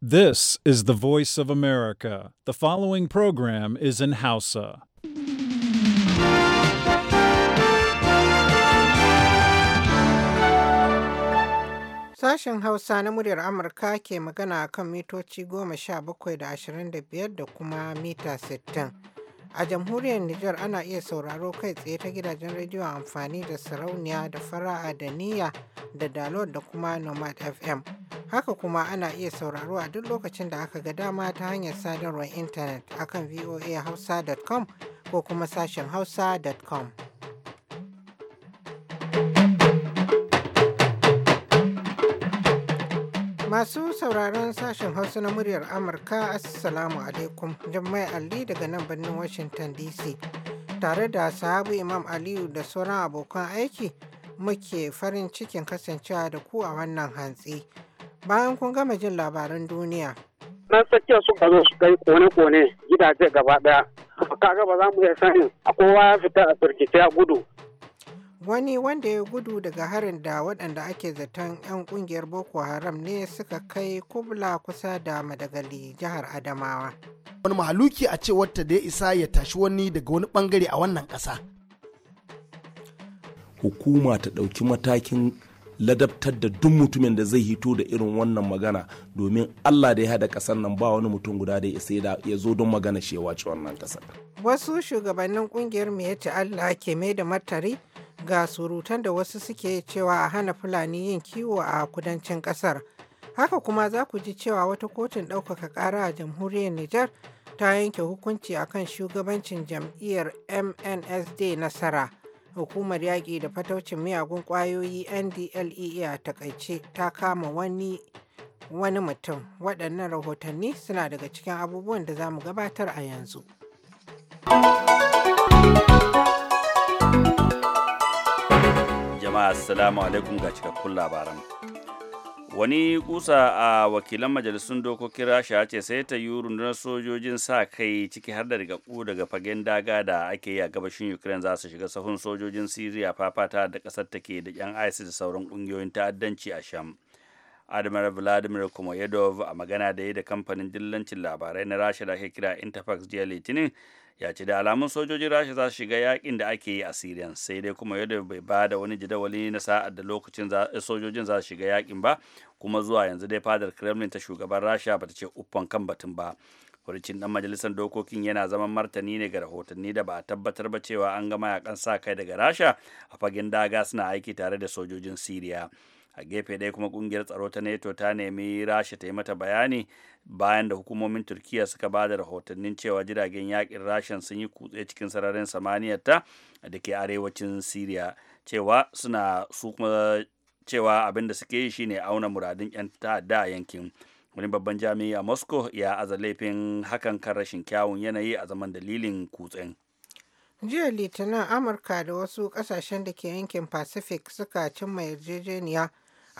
This is the voice of America. The following program is in Hausa. Sashen Hausa na muryar Amurka ke magana kan mitoci goma sha bakwai da ashirin da biyar da kuma mita sittin. A jamhuriyar Nijar ana iya sauraro kai tsaye ta gidajen rediyo amfani da sarauniya da fara'a da niyya da dalot da kuma nomad FM. Haka kuma ana iya sauraro a duk lokacin da aka ga dama ta hanyar sadarwar intanet akan voahausa.com ko kuma sashen hausa.com. Masu sauraron sashen Hausa na muryar Amurka, Assalamu alaikum, Jummai Ali daga nan birnin Washington DC. Tare da sahabu Imam Aliyu da sauran abokan aiki muke farin cikin kasancewa da ku a wannan hantsi. Bayan kun gama jin labaran duniya. Nan tsakiyar suka zo su kai kone-kone gidaje gaba ɗaya. Kaga ba za mu iya sanin a kowa ya fita a firgice a gudu wani wanda ya gudu daga harin da waɗanda ake zaton 'yan ƙungiyar boko haram ne suka kai kubla kusa da madagali jihar adamawa wani mahaluki a ce wata da ya isa ya tashi wani daga wani bangare a wannan ƙasa hukuma ta ɗauki matakin ladabtar da duk mutumin da zai hito da irin wannan magana domin Allah da ya haɗa ƙasar nan ba wani mutum guda da ya ya zo don magana shi ya wace wannan ƙasar. Wasu shugabannin ƙungiyar mai yace Allah ke mai da martari ga surutan da wasu suke cewa a hana Fulani yin kiwo a kudancin ƙasar Haka kuma za ku ji cewa wata kotun ɗaukaka ƙara a jamhuriyar Nijar ta yanke hukunci akan shugabancin jam'iyyar MNSD nasara. hukumar yaƙi da fataucin miyagun ƙwayoyi ndlea e, a takaice ta kama wani wani mutum waɗannan rahotanni suna daga cikin abubuwan da za mu gabatar a yanzu jama'a assalamu alaikum ga cikakkun labaran wani kusa a wakilan majalisun dokokin rasha ce sai ta yi rundunar sojojin sa kai ciki har da riga-ku daga fagen daga da ake yi a gabashin ukraine za su shiga sahun sojojin syria fafata da kasar take da yan isis da sauran kungiyoyin ta'addanci a sham admiral vladimir kumoyedov a magana da ya da kamfanin dillancin labarai na rasha da ake kira interfax jiya litinin ya ce da alamun sojojin rasha za su shiga yakin da ake yi a syrian sai dai kuma yadda bai ba da wani jadawali na sa'ad da lokacin sojojin za su shiga yakin ba kuma zuwa yanzu dai fadar kremlin ta shugaban rasha ba ta ce uffan kan batun ba furicin dan majalisar dokokin yana zaman martani ne ga rahotanni da ba a tabbatar ba cewa an ga mayakan sa kai daga rasha a fagen daga suna aiki tare da sojojin syria a gefe ɗaya kuma kungiyar tsaro ta neto ta nemi rasha ta yi mata bayani bayan da hukumomin turkiya suka ba da rahotannin cewa jiragen yakin rashan sun yi kutse cikin sararin samaniya ta da ke arewacin syria cewa suna su kuma cewa abin da suke yi shine auna muradin 'yan ta'adda a yankin wani babban jami'i a moscow ya aza laifin hakan kan rashin kyawun yanayi a zaman dalilin kutsen jiya litinin amurka da wasu kasashen da ke yankin pacific suka cimma yarjejeniya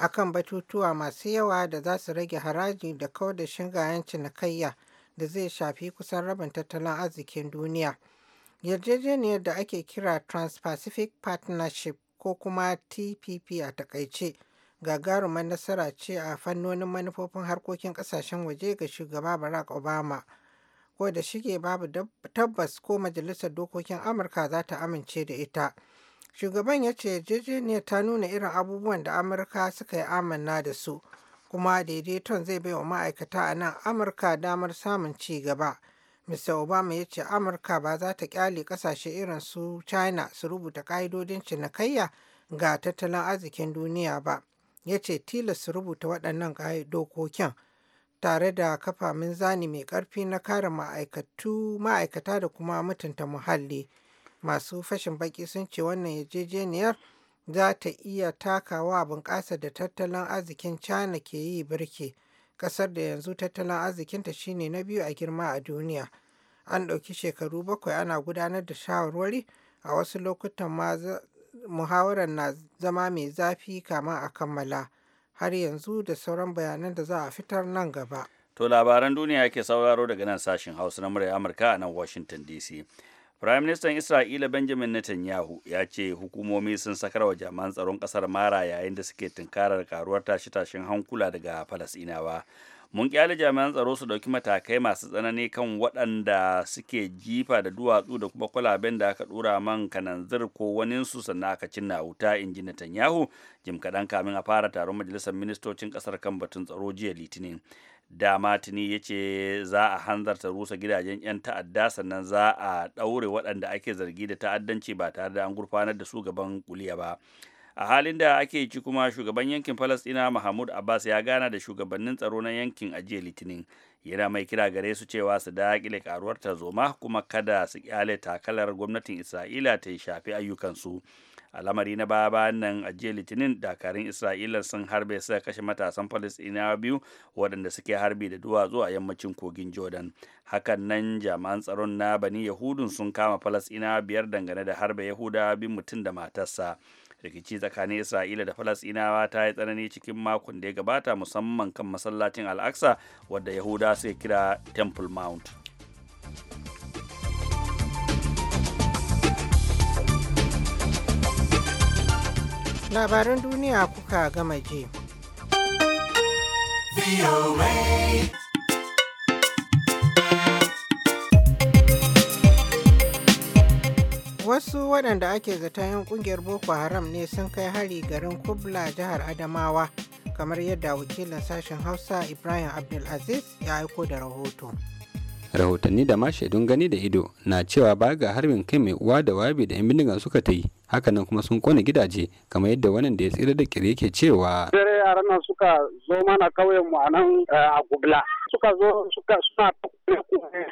akan batutuwa masu yawa da za su rage haraji da kawar da shingayen cinikayya da zai shafi kusan rabin tattalin arzikin duniya. Yarjejeniyar da ake kira Trans-Pacific Partnership ko kuma TPP a takaice gagarumar nasara ce a fannonin manufofin harkokin kasashen waje ga shugaba Barack Obama. Ko da shige babu tabbas ko majalisar dokokin Amurka za ta amince da ita. Shugaban ya ce yarjejeniyar ta nuna irin abubuwan da Amurka suka yi amanna da su, kuma daidaiton zai bai wa ma'aikata a nan Amurka damar samun ci gaba. Mr. Obama ya ce Amurka ba za ta kyale kasashe irin su China su rubuta ka'idodin cinikayya ga tattalin arzikin duniya ba. Ya ce tilas su rubuta waɗannan dokokin tare da kafa zani mai ƙarfi na kare ma'aikata da kuma mutunta muhalli. masu fashin baki sun ce wannan yarjejeniyar za ta iya takawa bunƙasa da tattalin arzikin china ke yi birki ƙasar da yanzu tattalin arzikinta shine na biyu a girma a duniya an ɗauki shekaru bakwai ana gudanar da shawarwari a wasu lokutan ma muhawarar na zama mai zafi kama a kammala har yanzu da sauran bayanan da za a fitar nan gaba to labaran duniya ke sauraro daga nan sashen hausa na murya amurka a nan washington dc Firaministan Isra'ila Benjamin Netanyahu ya ce hukumomi sun sakar wa jami'an tsaron kasar mara yayin da suke tunkarar karuwar tashe-tashen hankula daga Falasɗinawa. Mun kyale jami'an tsaro su dauki matakai masu tsanani kan waɗanda suke jifa da duwatsu da kuma kwalaben da aka ɗora man kananzir ko waninsu sannan aka cinna wuta in ji Netanyahu jim kaɗan kamin a fara taron majalisar ministocin kasar kan batun tsaro jiya Litinin. dama tuni ya ce za a hanzarta rusa gidajen 'yan ta'adda sannan za a ɗaure waɗanda ake zargi da ta'addanci ba tare da an gurfanar da su gaban kuliya ba a halin da ake ci kuma shugaban yankin falastina mahmud abbas ya gana da shugabannin tsaro na yankin a jiya litinin yana mai kira gare su cewa su daƙile karuwar tarzoma kuma kada su kyale takalar gwamnatin isra'ila ta shafi ayyukansu a lamari na baya bayan nan a jiya litinin dakarun isra'ila sun harbe suka kashe matasan palestinawa biyu waɗanda suke harbi da duwatsu a yammacin kogin jordan hakan nan jami'an tsaron na bani yahudun sun kama palestinawa biyar dangane da harbe yahuda bin mutum da matarsa rikici tsakanin isra'ila da falasinawa ta yi tsanani cikin makon da ya gabata musamman kan masallacin al'aqsa wadda yahuda suka kira temple mount labaran duniya kuka gama je. wasu waɗanda ake zata yin ƙungiyar boko haram ne sun kai hari garin kubla jihar adamawa kamar yadda wakilin sashen hausa ibrahim abdulaziz ya aiko da rahoto rahotanni da ma shaidun gani da ido na cewa ba ga harbin kai mai uwa da wabi da 'yan bindigan suka ta yi hakanan kuma sun kone gidaje kamar yadda wannan da ya tsira da kire yake cewa dare yaran nan suka zo mana kauyen mu a nan eh, a gubla suka zo suka suna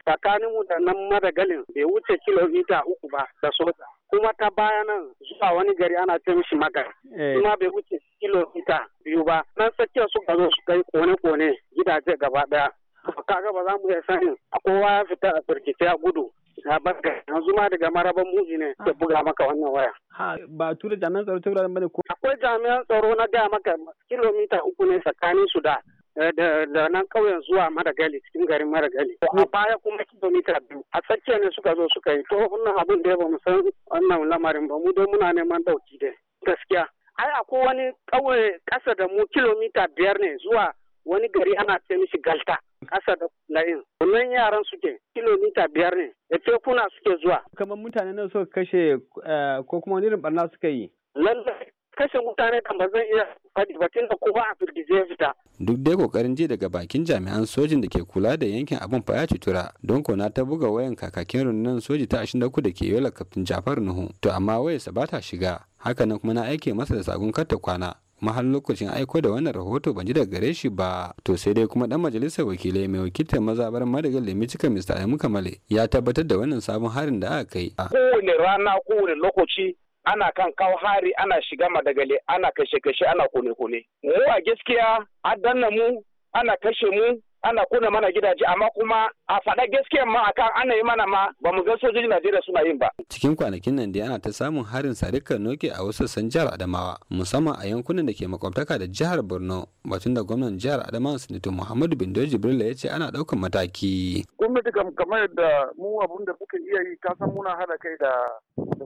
tsakanin mu da nan madagalin bai wuce kilomita uku ba da soja kuma ta baya nan zuwa wani gari ana ce mishi magar eh. kuma bai wuce kilomita biyu ba nan tsakiyar suka zo suka kai kone-kone gidaje gaba daya kaga ba za mu iya sanin a kowa ya fita a firgice a gudu ya barka yanzu ma daga maraban muji ne ya buga maka wannan waya. ba tura jami'an tsaro ta wuraren bane ko. akwai jami'an tsaro na gaya maka kilomita uku ne tsakanin su da eh, da nan kauyen zuwa maragali cikin garin madagali a baya kuma kilomita biyu a tsakiya ne suka zo suka yi to wannan abin da ya bamu san wannan lamarin ba mu dai muna neman dauki dai gaskiya ai akwai wani kauye kasa da mu kilomita biyar ne zuwa wani gari ana ce mishi galta ƙasa da layin wannan yaran suke kilomita biyar ne da tekuna suke zuwa kamar mutane nan suka kashe eh, ko kuma wani irin barna suka yi lallai kashe mutane kan ba zan iya faɗi ba tunda kowa a firgize fita duk dai kokarin ji daga bakin jami'an sojin da ke kula da yankin abin fa ya tura don kona ta buga wayan kakakin rundunar soji ta 23 da ke yola kaftin jafar nuhu to amma wayarsa ba ta shiga hakanan kuma na aike masa da sagun karta kwana mahal lokacin aiko da wannan rahoto ban ji daga gare shi ba to sai dai kuma dan majalisar wakilai mai wakiltar mazabar madagal lemi cika mr adamu kamale ya tabbatar da wannan sabon harin da aka kai kowane rana kowane lokaci ana kan kawo hari ana shiga madagale ana kashe kashe ana kone kone mu a gaskiya adanna mu ana kashe mu ana kuna mana gidaje amma kuma a faɗa gaskiya ma akan ana yi mana ma ba mu ga sojojin Najeriya suna yin ba. Cikin kwanakin nan dai ana ta samun harin sarika noke a wasu sassan jihar Adamawa musamman a yankunan da ke makwabtaka da jihar Borno batun da gwamnan jihar Adamawa Sanatu Muhammadu Bindo Jibrila ya ce ana ɗaukan mataki. Gwamnati kam kamar yadda mu abun da muka iya yi san muna hada kai da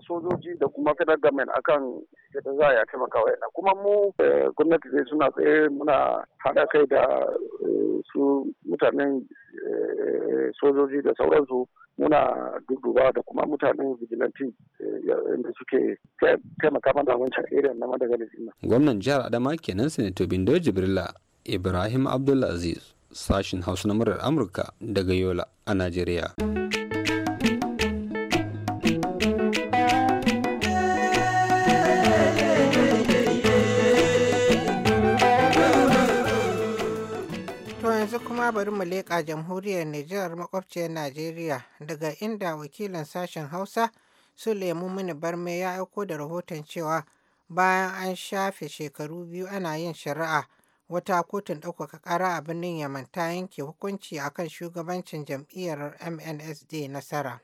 sojoji da kuma federal government akan da za a taimaka wa kuma mu eh, gwamnati zai suna tsaye muna haɗa kai da eh, su mutanen eh, sojoji da sauransu muna duduba da kuma mutanen vigilante da suke taimaka mana wancan irin na madagali gwamnan jihar adama kenan sanato bindo jibrila ibrahim abdulaziz sashin hausa na murar amurka daga yola a najeriya ma bari mu leƙa jamhuriyar Nijar makwabciyar Najeriya daga inda wakilin sashen Hausa sulemu Mini Barme ya aiko da rahoton cewa bayan an shafe shekaru biyu ana yin shari'a wata kotun ɗaukaka ƙara a birnin Yaman ta yanke hukunci akan shugabancin jam'iyyar MNSD nasara.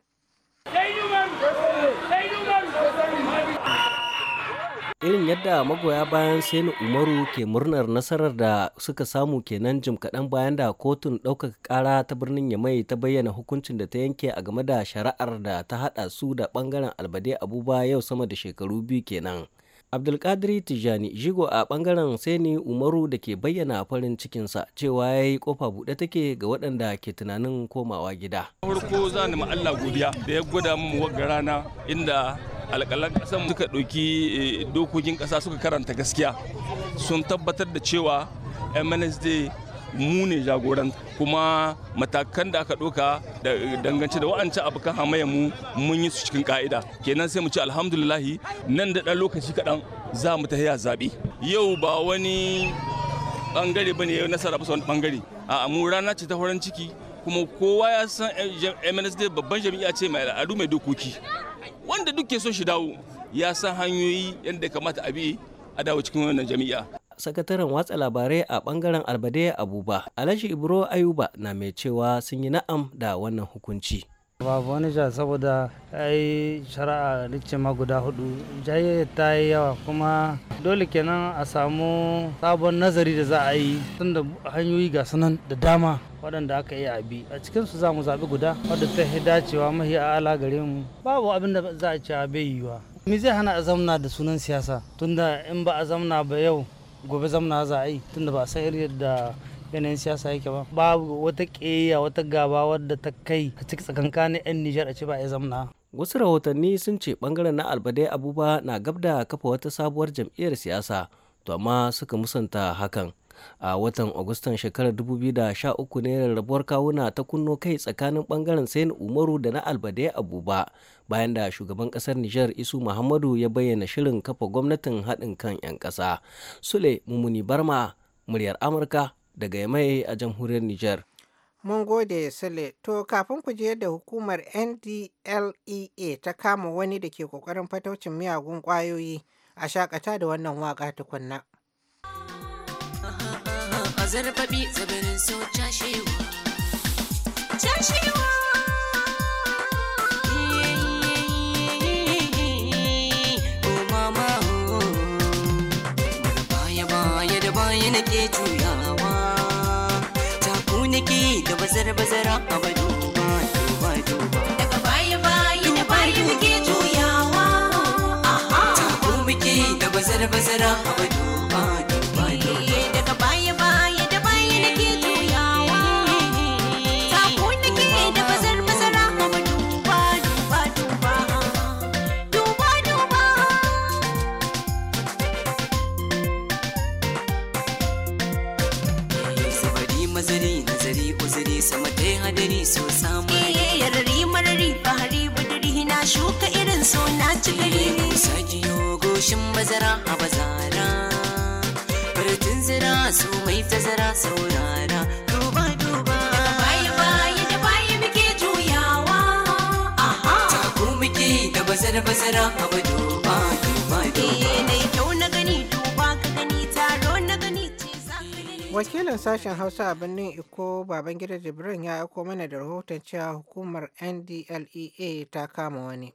irin yadda magoya bayan ni umaru ke murnar nasarar da suka samu kenan jim kaɗan bayan da kotun ɗaukaka ƙara ta birnin ya mai ta bayyana hukuncin da ta yanke a game da shari'ar da ta haɗa su da ɓangaren albade abuba yau sama da shekaru biyu kenan abdulkadir tijani jigo a ɓangaren sani umaru da ke bayyana farin cikinsa cewa ya yi kofa buɗe take ga waɗanda ke tunanin komawa gida farko za ni ma allah godiya da ya gwada min wagga rana inda alƙalan ƙasar suka ɗauki eh, dokokin ƙasa suka karanta gaskiya sun tabbatar da cewa mnsd mu ne jagoran kuma matakan da aka ɗauka eh, dangance da wa'ancan abokan hamayya mu mun yi su cikin ka'ida kenan sai mu ci alhamdulillahi nan da ɗan lokaci kaɗan za mu ta zaɓe yau ba wani ɓangare ba ne ya nasara ba wani ɓangare a mu rana ce ta farin ciki kuma kowa ya san eh, mnsd babban jami'a ce mai al'adu mai dokoki wanda duk ke so shi dawo ya san hanyoyi yadda kamata a bi a dawo cikin wannan jami'a sakataren watsa labarai a bangaren albade abuba alhaji ibro ayuba na mai cewa sun yi na'am da wannan hukunci babu wani ja saboda ai shari'a ma guda hudu Jaye ta yi yawa kuma dole kenan a samu sabon nazari da za a yi tun da hanyoyi ga sunan da dama waɗanda aka yi a bi a cikinsu za mu zaɓi guda wadda ta yi dacewa mahi a ala gare mu babu abin da za a ci a bai yiwa me zai hana a zamna da sunan siyasa tunda in ba a zamna ba yau gobe zamna za a yi tunda ba a san yadda yanayin siyasa yake ba babu wata ƙeya wata gaba wadda ta kai a cikin tsakankanin 'yan nijar a ce ba ya zamna wasu rahotanni sun ce bangaren na albade abuba na gab da kafa wata sabuwar jam'iyyar siyasa to amma suka musanta hakan a watan agustan shekarar 2013 ne rarrabuwar kawuna ta kunno kai tsakanin bangaren sayin umaru da na albade abuba bayan da shugaban kasar nijar isu muhammadu ya bayyana shirin kafa gwamnatin haɗin kan 'yan ƙasa sule mumuni barma muryar amurka daga Yamai a jamhuriyar Nijar. Mun gode Sule, to kafin ku je da hukumar NDLEA ta kama wani da ke kokarin fataucin miyagun ƙwayoyi a shakata da wannan waka tukunna. Zarfaɓi yar bazara a bado ba duba daga baya baya da baya bazara bazara a bado wakilin sashen hausa a birnin iko babangida jibrin ya aiko mana da rahoton cewa hukumar ndlea ta kama wani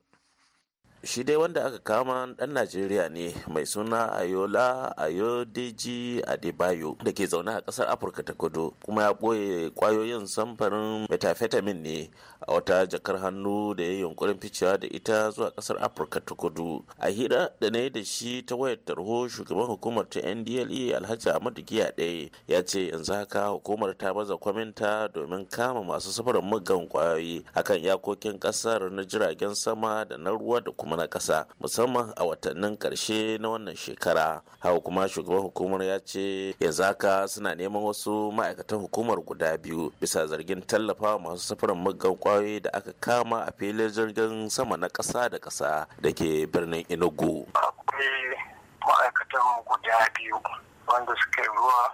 shi dai wanda aka kama dan najeriya ne mai suna ayola ayodeji adebayo da ke zaune a kasar afirka ta kudu kuma ya ɓoye kwayoyin samfarin metafetamin ne a wata jakar hannu da ya yunkurin ficewa da ita zuwa kasar afirka ta kudu a hira da na da shi ta wayar tarho shugaban hukumar ta ndle alhaji ahmadu giya ɗaya ya ce yanzu haka hukumar ta baza kwaminta domin kama masu safarin muggan kwayoyi akan iyakokin kasar na jiragen sama da na ruwa da kuma mu na ƙasa musamman a watannin ƙarshe na wannan shekara hawa kuma shugaban hukumar ya ce yanzu haka suna neman wasu ma'aikatan hukumar guda biyu bisa zargin tallafawa masu safarin muggan kwayoyi da aka kama a filin jirgin sama na ƙasa da ƙasa da ke birnin enugu akwai ma'aikatan guda biyu wanda suka ruwa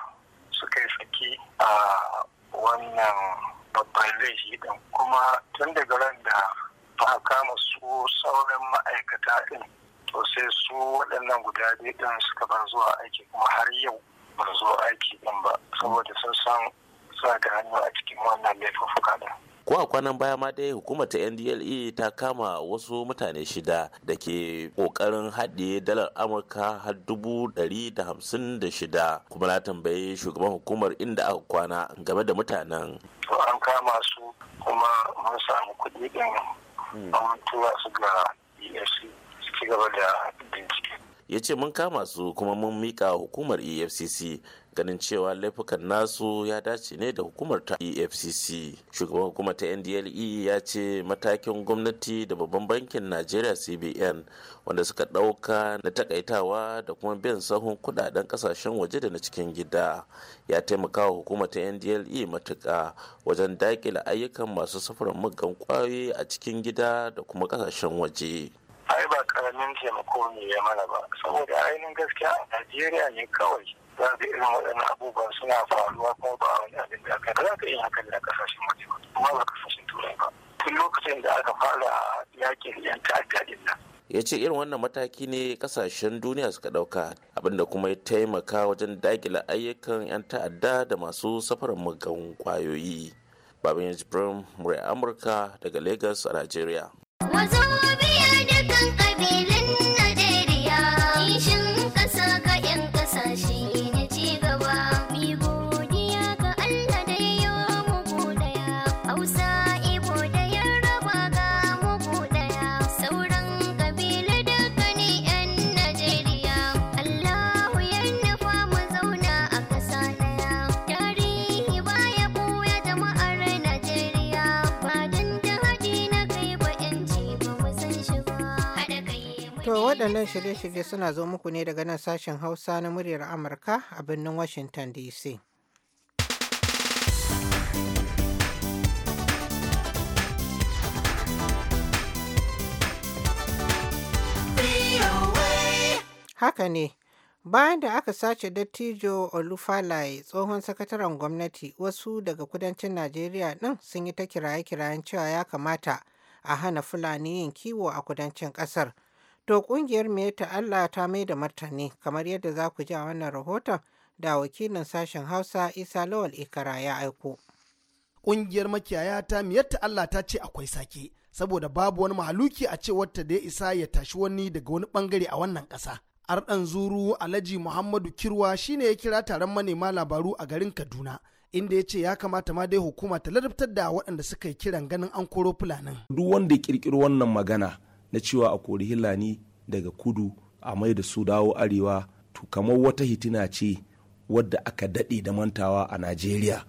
suka saki a wannan babban laifi din kuma tun daga ran da a kama su sauran ma'aikata ɗin to sai su waɗannan guda biyu ɗin suka bar zuwa aiki kuma har yau ba zo aiki ɗin ba saboda sun san suna da hannu a cikin wannan laifuffuka ɗin. ko a kwanan baya ma dai hukumar ta ndle ta kama wasu mutane shida da ke kokarin haɗe dalar amurka har dubu ɗari da hamsin da shida kuma na tambayi shugaban hukumar inda aka kwana game da mutanen an kama su kuma mun samu kuɗi ɗin Hmm. an tura su ga efcc su ci gaba da bincike ya ce mun kama su kuma mun miƙa hukumar efcc ganin cewa laifukan nasu ya dace ne da hukumar ta efcc shugaban hukumar ta ndle ya ce matakin gwamnati da babban bankin najeriya cbn wanda suka ɗauka na takaitawa da kuma bin sahun kudaden kasashen waje da na cikin gida ya taimaka wa hukumar ta ndle matuka wajen daƙila ayyukan masu safarin muggan kwayoyi a cikin gida da kuma kasashen waje ai ba karamin taimako ne ya mana ba saboda ainihin gaskiya a najeriya ne kawai za ka irin waɗannan abubuwan suna faruwa kuma ba wani abin da aka za ka iya hakan da kasashen waje ba kuma ba kasashen turai ba tun lokacin da aka fara yakin yan ta'adda din nan ya ce irin wannan mataki ne kasashen duniya suka dauka abinda kuma ya taimaka wajen dagila ayyukan 'yan ta'adda da masu safarar mugan kwayoyi babin yajibirin murai amurka daga lagos a nigeria Waɗannan shirye-shirye suna zo muku ne daga nan sashen Hausa na muryar Amurka a birnin Washington DC. Haka ne, bayan da aka sace dattijo Olufalaye tsohon sakataren gwamnati wasu daga kudancin Najeriya ɗin sun yi ta kiraye-kirayen cewa ya kamata a hana Fulani yin kiwo a kudancin ƙasar. To kungiyar ta Allah ta mai da martani kamar yadda za ku ji a wannan rahoton da wakilin sashen Hausa Isa Lawal Ikara ya aiko. Kungiyar makiyaya ta ta Allah ta ce akwai sake saboda babu wani mahaluki a cewar wata da ya isa ya tashi wani daga wani bangare a wannan ƙasa. Arɗan zuru Alhaji Muhammadu Kirwa shine ya kira taron manema labaru a garin Kaduna. inda ya ce ya kamata ma dai hukuma ta ladabtar da waɗanda suka yi kiran ganin an koro fulanin. Duk wanda ya kirkiro wannan magana na cewa a kori hillani daga kudu a mai da su dawo arewa to kamar wata hitina ce wadda aka daɗe da mantawa a najeriya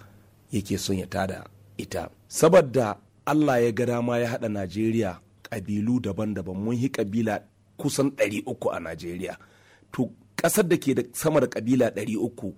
yake son ya tada ita saboda allah ya ga dama ya haɗa najeriya ƙabilu daban-daban mun yi ƙabila kusan 300 a najeriya to ƙasar da ke da sama da ƙabila 300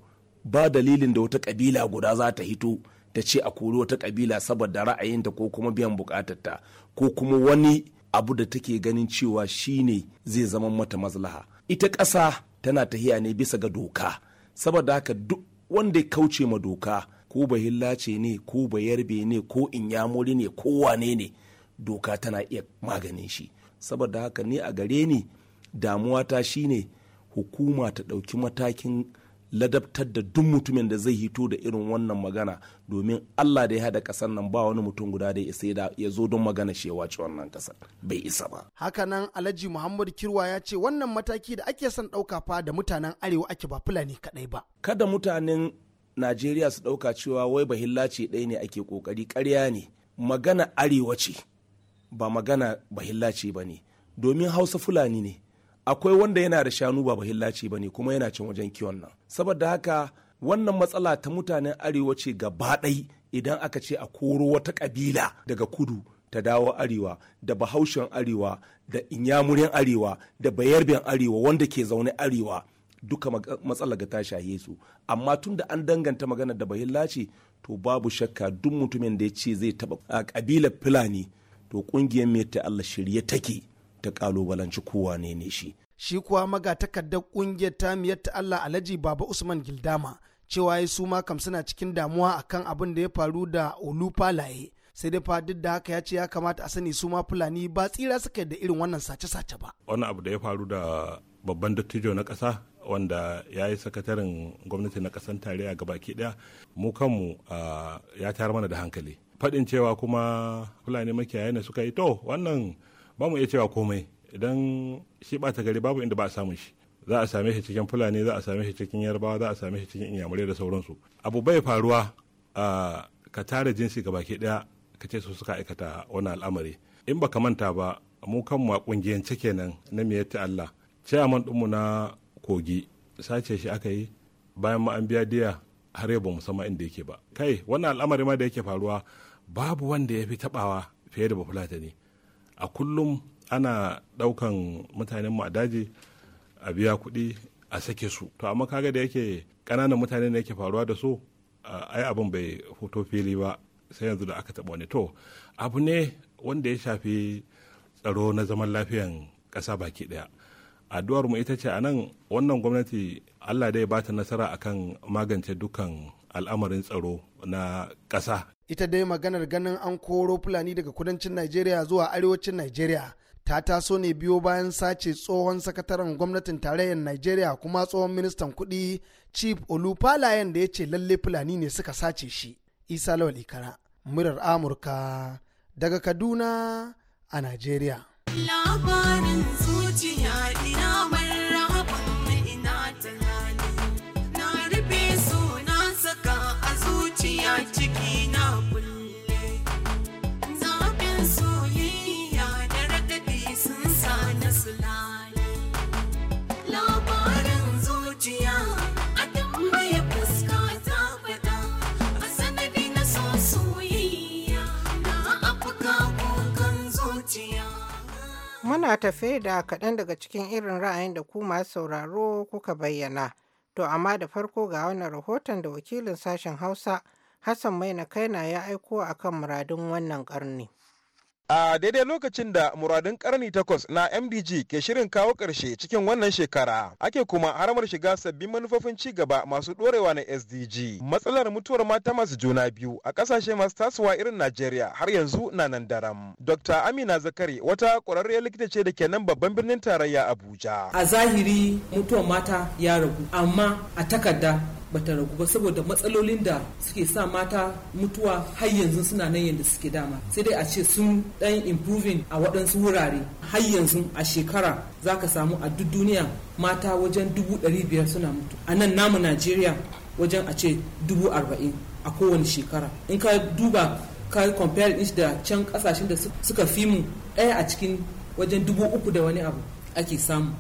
ba dalilin da wata ƙabila guda za ta hito ta ce a kori wata ƙabila saboda ra'ayinta ko kuma biyan bukatarta ko kuma wani abu da take ganin cewa shine zai zama mata mazlaha. ita ƙasa tana tahiya ne bisa ga doka saboda haka duk wanda ya kauce ma doka ko bahillace ne ko bayarbe ne ko inyamuri ne ko wane ne doka tana iya maganin shi saboda haka ne a gare ni damuwata shine hukuma ta ɗauki matakin ladabtar da duk mutumin da zai hito da irin wannan magana domin Allah da ya haɗa ƙasar nan ba wani mutum guda da ya ya zo don magana shi ya wace wannan ƙasar bai isa ba haka nan Alhaji Muhammad Kirwa ya ce wannan mataki da ake son ɗauka fa da mutanen arewa ake ba Fulani kaɗai ba kada mutanen Najeriya su ɗauka cewa wai bahilla ce ɗaya ne ake ƙoƙari ƙarya ne magana arewa ce ba magana bahilla ce ba ne domin Hausa Fulani ne akwai wanda yana da shanu ba bahillaci ba ne kuma yana cin wajen kiwon nan saboda haka wannan matsala ta mutanen arewa ce gaba ɗai idan aka ce a koro wata ƙabila daga kudu ta dawo arewa da bahaushen arewa da inyamurin arewa da bayarben arewa wanda ke zaune arewa duka matsala ga ta shahe su amma tun da an danganta magana da bahillaci to babu shakka duk mutumin da ya ce zai taɓa ƙabilar fulani to ƙungiyar mai ta Allah shirye take ta kalubalanci kowa ne ne shi. Shi kuwa magatakardar ƙungiyar tamiyar ta Allah Alhaji Baba Usman Gildama cewa ya su kam suna cikin damuwa akan abin da ya faru da Olufalaye. sai dai fa duk da haka ya ce ya kamata a sani su ma fulani ba tsira suka da irin wannan sace-sace ba. Wani abu da ya faru da babban dattijo na ƙasa wanda ya yi sakataren gwamnati na ƙasan tarayya ga baki ɗaya mu kanmu ya tayar mana da hankali. Faɗin cewa kuma fulani makiyaya ne suka yi to wannan ba mu iya cewa komai idan shi bata gari babu inda ba a samun shi za a same shi cikin fulani za a same shi cikin yarbawa za a same shi cikin inyamurai da sauransu abu bai faruwa a ka tara jinsi ga baki daya ka ce su suka aikata wani al'amari in baka manta ba mu kan kungiyan kungiyance kenan na miyatti Allah chairman mu na kogi sace shi aka yi bayan mu an biya diya har yau ba mu sama inda yake ba kai wannan al'amari ma da yake faruwa babu wanda ya fi tabawa fiye da bafulatani a kullum ana ɗaukan mutanen mu a daji a biya kuɗi a sake su to amma kaga da yake ƙananan mutane ne yake faruwa da su ai abin bai hoto fili ba sai yanzu da aka taɓa wani to abu ne wanda ya shafi tsaro na zaman lafiyan ƙasa baki ɗaya addu'ar mu ita ce a nan wannan gwamnati allah dai ba ta nasara akan magance dukkan al'amarin tsaro na ƙasa ita dai maganar ganin an koro fulani daga kudancin najeriya zuwa arewacin najeriya ta taso ne biyo bayan sace tsohon sakataren gwamnatin tarayyar najeriya kuma tsohon ministan kudi chief olufalayen da ya ce lalle fulani ne suka sace shi isa lawal ikara murar amurka daga kaduna a najeriya labarin Muna tafe da kaɗan daga cikin irin ra'ayin da ku masu sauraro kuka bayyana. To amma da farko ga wannan rahoton da wakilin sashen Hausa Hassan Maina Kaina ya aiko akan muradun wannan ƙarni. a daidai lokacin da muradun karni takwas na mdg ke shirin kawo ƙarshe cikin wannan shekara ake kuma haramar shiga sabbin manufofin ci gaba masu ɗorewa na sdg matsalar mutuwar mata masu juna biyu a ƙasashe masu tasowa irin najeriya har yanzu na nan daram dr amina zakari wata ƙwararriyar likita ce da ke nan babban birnin tarayya abuja a zahiri mutuwar mata ya ragu amma a takarda bata ragu ba saboda matsalolin da suke sa mata mutuwa har yanzu suna nan yadda suke dama sai dai a ce sun dan improving a waɗansu wurare har yanzu a shekara za ka samu a duk duniya mata wajen dubu ɗari biyar suna mutu a nan namu najeriya wajen a ce dubu arba'in a kowane shekara in ka duba ka compare din da can kasashen da suka fi mu ɗaya a cikin wajen dubu uku da wani abu ake samu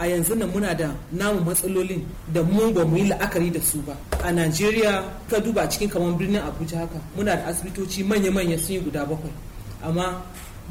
a yanzu nan muna da namu matsalolin da mu ba mu yi la'akari da su ba a najeriya ka duba cikin kamar birnin abuja haka muna da asibitoci manya-manya sun yi guda bakwai amma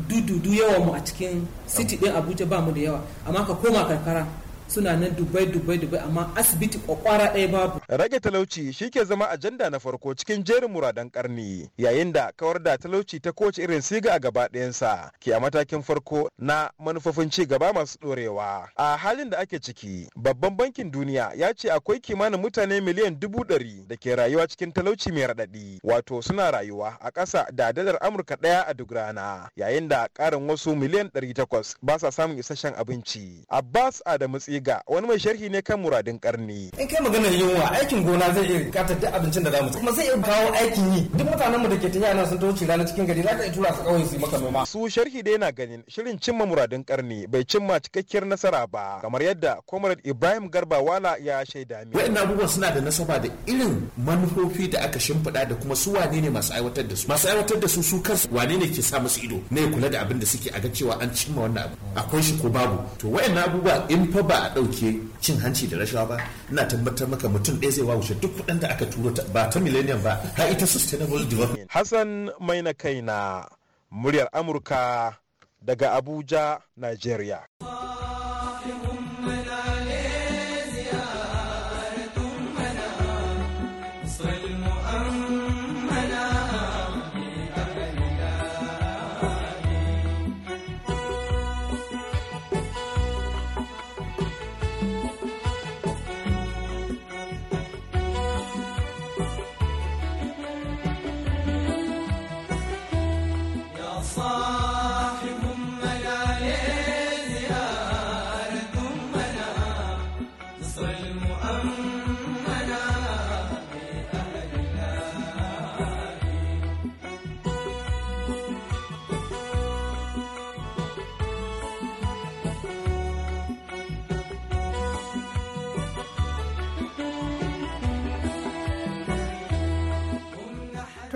dududu yawan mu a cikin city din abuja ba mu da yawa amma ka koma karkara suna nan dubai dubai dubai amma asibiti kwakwara ɗaya babu. Rage talauci shi ke zama ajanda na farko cikin jerin muradan karni yayin da kawar da talauci ta kowace irin siga a gaba ɗayansa ke a matakin farko na manufofin ci gaba masu ɗorewa. A halin da ake ciki babban bankin duniya ya ce akwai kimanin mutane miliyan dubu ɗari da ke rayuwa cikin talauci mai raɗaɗi wato suna rayuwa a ƙasa da dalar Amurka ɗaya a duk rana yayin da ƙarin wasu miliyan ɗari takwas ba sa samun isasshen abinci. Abbas Adamu Tsiye jiga wani mai sharhi ne kan muradin karni in kai maganar yunwa aikin gona zai iya kata duk abincin da zamu ci kuma zai iya kawo aikin yi duk mutanen mu da ke tafiya nan sun toci rana cikin gari za ta iya tura su kawai su maka noma su sharhi dai na ganin shirin cimma muradin karni bai cimma cikakkiyar nasara ba kamar yadda comrade Ibrahim Garba Wala ya shaida mi wa'annan abubuwan suna da nasaba da irin manufofi da aka shimfiɗa da kuma su wane ne masu aiwatar da su masu aiwatar da su su kansu wane ne ke sa musu ido ne kula da abin da suke a ga cewa an cimma wannan abu akwai shi ko babu to wa'annan abubuwa in fa ba a ɗauke cin hanci da rashawa ba ina tabbatar maka mutum ɗaya zai wawushe duk kuɗin da aka turo ba ta millennium ba ha ita sustainable development hassan mai na kaina muryar amurka daga abuja nigeria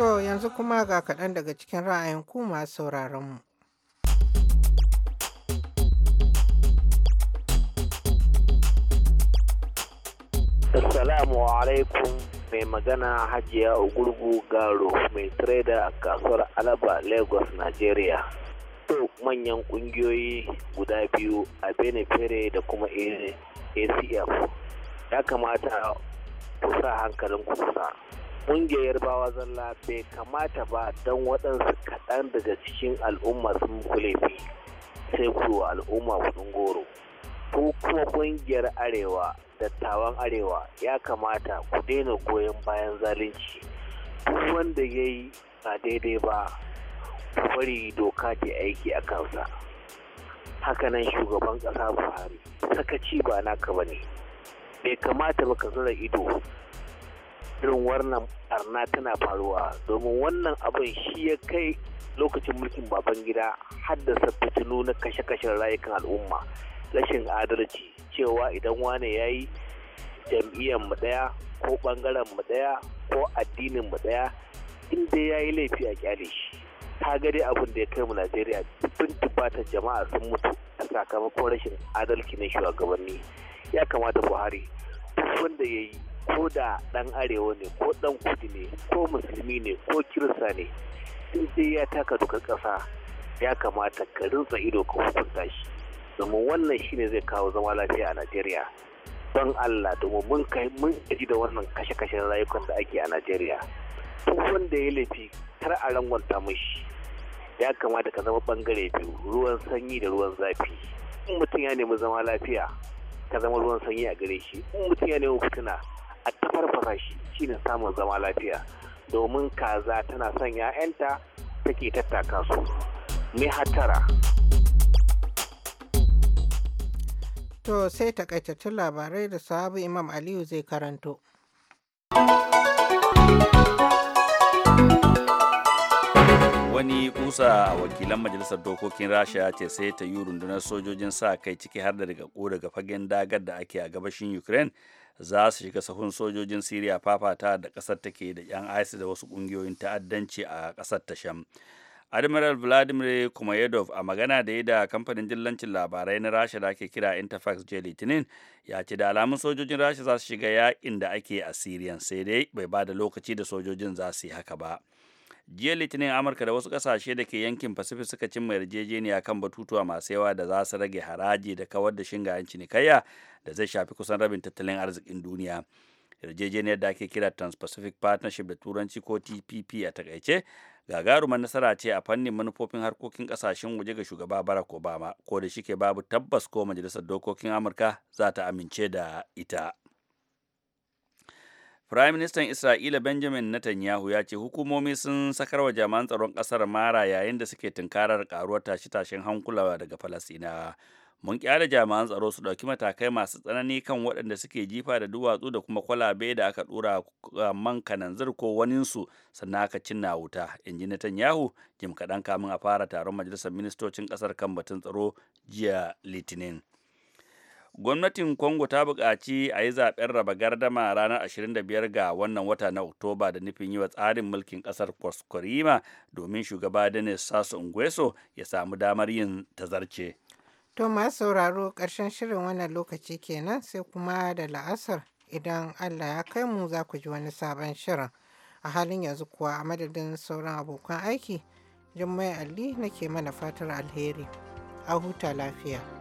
To yanzu kuma ga kaɗan daga cikin ra'ayin ku masu sauraronmu. Assalamu alaikum mai magana hajiya ogurgu garo mai trader a kasuwar Alaba Lagos, Nigeria. To manyan ƙungiyoyi guda biyu a Benefere da kuma ACF ya kamata ku sa hankalin kusa. ƙungiyar bawa zalla bai kamata ba don waɗansu kaɗan daga cikin al'umma sun kulefi sai kuwa al'umma kudin goro ko kuma ƙungiyar arewa dattawan arewa ya kamata ku daina goyon bayan zalunci duk wanda ya yi ba daidai ba ku bari doka ta aiki a kansa hakanan shugaban ƙasa buhari sakaci ba naka ba ne bai kamata ba ka zura ido irin wannan barna tana faruwa domin wannan abin shi ya kai lokacin mulkin baban gida haddasa fitinu na kashe-kashen rayukan al'umma rashin adalci cewa idan wane ya yi jam'iyyar mu ɗaya ko ɓangaren mu ɗaya ko addinin mu ɗaya inda ya yi laifi a kyale shi ta gari abin da ya kai mu najeriya dubin tubatar jama'a sun mutu a sakamakon rashin adalci na shugabanni ya kamata buhari duk wanda ya yi ko da ɗan arewa ne ko ɗan kudu ne ko musulmi ne ko kirista ne in sai ya taka duka ƙasa ya kamata ka rinsa ido ka hukunta shi domin wannan shi ne zai kawo zama lafiya a najeriya don allah domin mun kai mun gaji da wannan kashe-kashen rayukan da ake a najeriya duk wanda ya laifi kar a rangwanta mishi ya kamata ka zama bangare biyu ruwan sanyi da ruwan zafi in mutum ya nemi zama lafiya ka zama ruwan sanyi a gare shi in mutum ya nemi fitina a tafarfasa shi shine samun zama lafiya domin kaza tana son 'ya'yanta take tattaka su mai hatara to sai takaitattun labarai da sahabu imam aliyu zai karanto wani kusa a wakilan majalisar dokokin rasha ce sai ta yi rundunar sojojin sa kai ciki har da daga daga fagen dagar da ake a gabashin ukraine za su shiga sahun sojojin siriya fafata da ƙasar take da 'yan isis da wasu ƙungiyoyin ta'addanci a ƙasar ta sham admiral vladimir kumayedov a magana da yi da kamfanin jillancin labarai na rasha da ake kira interfax jiya litinin ya ce da alamun sojojin rasha za su shiga yakin da ake a Siriyan sai dai bai ba da lokaci da sojojin za su yi haka ba jiya litinin amurka da wasu kasashe da ke yankin pacific suka cimma yarjejeniya kan batutuwa masu yawa da za su rage haraji da kawar da shingayen cinikayya da zai shafi kusan rabin tattalin arzikin duniya yarjejeniyar da ake kira trans-pacific partnership da turanci ko tpp a takaice gagarumar nasara ce a fannin manufofin harkokin kasashen waje ga shugaba barack obama ko da shike babu tabbas ko majalisar dokokin amurka za ta amince da ita Prime Minister Isra'ila Benjamin Netanyahu ya ce hukumomi sun sakarwa jami'an tsaron ƙasar mara yayin da suke tunkarar karuwar tashe-tashen hankulawa daga Falasɗinawa. Mun kyale jami'an tsaro su ɗauki matakai masu tsanani kan waɗanda suke jifa da duwatsu da kuma kwalabe da aka a man kananzir ko waninsu sannan aka cinna wuta. In ji Netanyahu jim kaɗan kamin a fara taron majalisar ministocin ƙasar kan batun tsaro jiya Litinin. gwamnatin congo ta buƙaci a yi zaɓen raba gardama ranar 25 ga wannan wata na oktoba da nufin yi wa tsarin mulkin ƙasar kwaskwarima domin shugaba denis sassu nguesso ya samu damar yin tazarce to masu sauraro ƙarshen shirin wannan lokaci kenan sai kuma da la'asar idan allah ya kai mu za ku ji wani sabon shirin a halin yanzu kuwa a madadin sauran abokan aiki jummai ali nake mana fatar alheri a huta lafiya